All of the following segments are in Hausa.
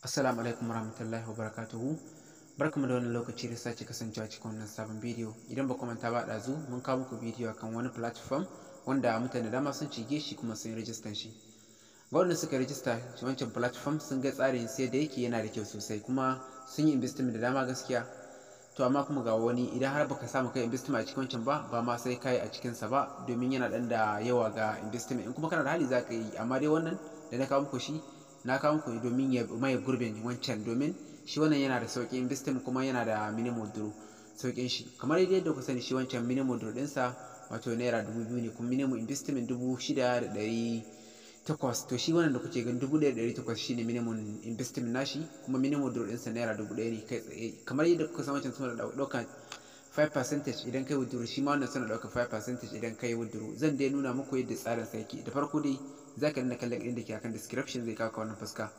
Assalamu alaikum warahmatullahi wabarakatuhu. Barkamu da wannan lokaci da sace kasancewa cikin wannan sabon bidiyo. Idan ba manta ba ɗazu mun kawo muku bidiyo akan wani platform wanda mutane da dama sun cige shi kuma sun rajistan shi. Ga wanda suka register shi wancan platform sun ga tsarin sai da yake yana da kyau sosai kuma sun yi investment da dama gaskiya. To amma kuma ga wani idan har baka samu kai investment a cikin wancan ba ba ma sai kai a cikinsa ba domin yana ɗan da yawa ga investment in kuma kana da hali za ka yi amma dai wannan da na kawo muku shi na kawo muku domin ya maye gurbin wancan domin shi wannan yana da sauƙin bistin kuma yana da minimum duro sauƙin shi kamar yadda ku sani shi wancan minimum duro ɗinsa wato naira dubu biyu ne kuma minimum investment dubu shida da ɗari takwas to shi wannan da kuke gani dubu ɗaya da ɗari takwas ne minimum investment nashi kuma minimum duro ɗinsa naira dubu ɗaya ne kai tsaye kamar yadda kuka san wancan suna da ɗaukar 5% idan kai withdraw shi ma wannan suna ɗauka 5% idan kai withdraw zan dai nuna muku yadda tsarin sa yake da farko dai zaka ka dinga kallon inda ke akan description zai kawo wannan fuska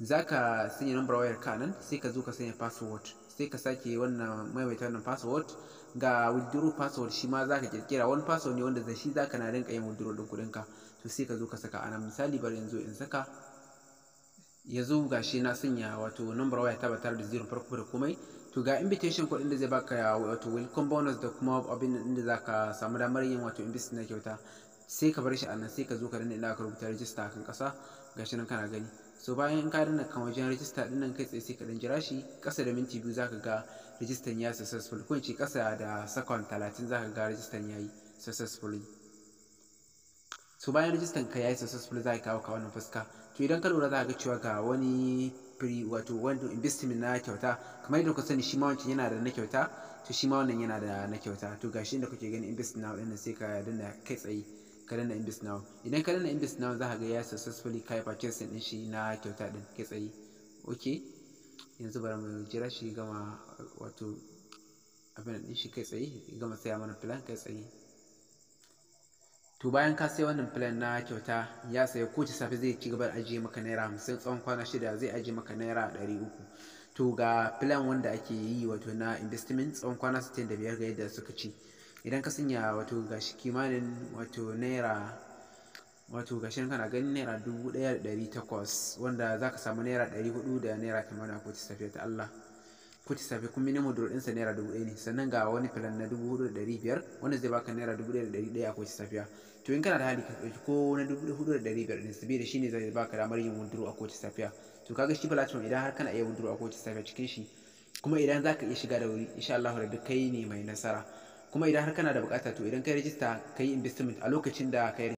zaka sanya number wayar ka nan sai ka zo ka sanya password sai ka sake wannan maimaita wannan password ga withdraw password shi ma za kirkira wani password ne wanda zai shi za ka na rinka yin withdraw kudin ka to sai ka zo ka saka a misali bari yanzu in saka yanzu shi na sanya wato number waya ta tabbatar da zero farko da komai to ga invitation code inda zai baka wato welcome bonus da kuma abin inda zaka samu damar yin wato invest na kyauta sai ka bar shi a nan sai ka zo ka danna inda aka rubuta register kan kasa gashi nan kana gani so bayan in ka danna kan wajen register din nan kai tsaye sai ka dan jira shi kasa da minti biyu zaka ga register ya successful ko in ce kasa da second 30 zaka ga register yi successfully so bayan rijistan ka yayi successful za ka kawo ka wannan fuska to idan ka lura za ka cewa ga wani firi wato wanda investment na kyauta kamar yadda ku sani shi ma wancan yana da na kyauta to shi ma wannan yana da na kyauta to gashi da kuke gani invest now din sai ka danna kai tsaye ka danna invest now idan ka danna invest now za ka ga ya successfully kai purchasing din shi na kyauta din kai tsaye okay yanzu bari mu jira shi gama wato abin din shi kai tsaye gama saya mana plan kai tsaye to bayan ka sai wannan plan na kyauta ya ko ta safe zai ci gaba da ajiye maka naira hamsin tsawon kwana shida zai ajiye maka naira ɗari uku to ga plan wanda ake yi wato na investment tsawon kwana sittin da biyar ga yadda suka ci idan ka sanya wato gashi kimanin wato naira wato gashi kana ganin naira dubu ɗaya da ɗari takwas wanda za ka samu naira ɗari hudu da naira tamanin ko ta safiya ta Allah kuti safe kun minimum dole ɗinsa naira dubu ɗaya ne sannan ga wani filan na dubu hudu da ɗari biyar wanda zai baka naira dubu ɗaya da ɗari ɗaya a kowace safiya to in kana da hali ka ɗauki ko na dubu hudu da ɗari biyar ɗin shi ne zai baka damar yin wunduru a kowace safiya to kaga shi platform idan har kana iya wunduru a kowace safiya cikin shi kuma idan za ka iya shiga da wuri insha Allah da kai ne mai nasara kuma idan har kana da bukata to idan kai rijista kai investment a lokacin da kai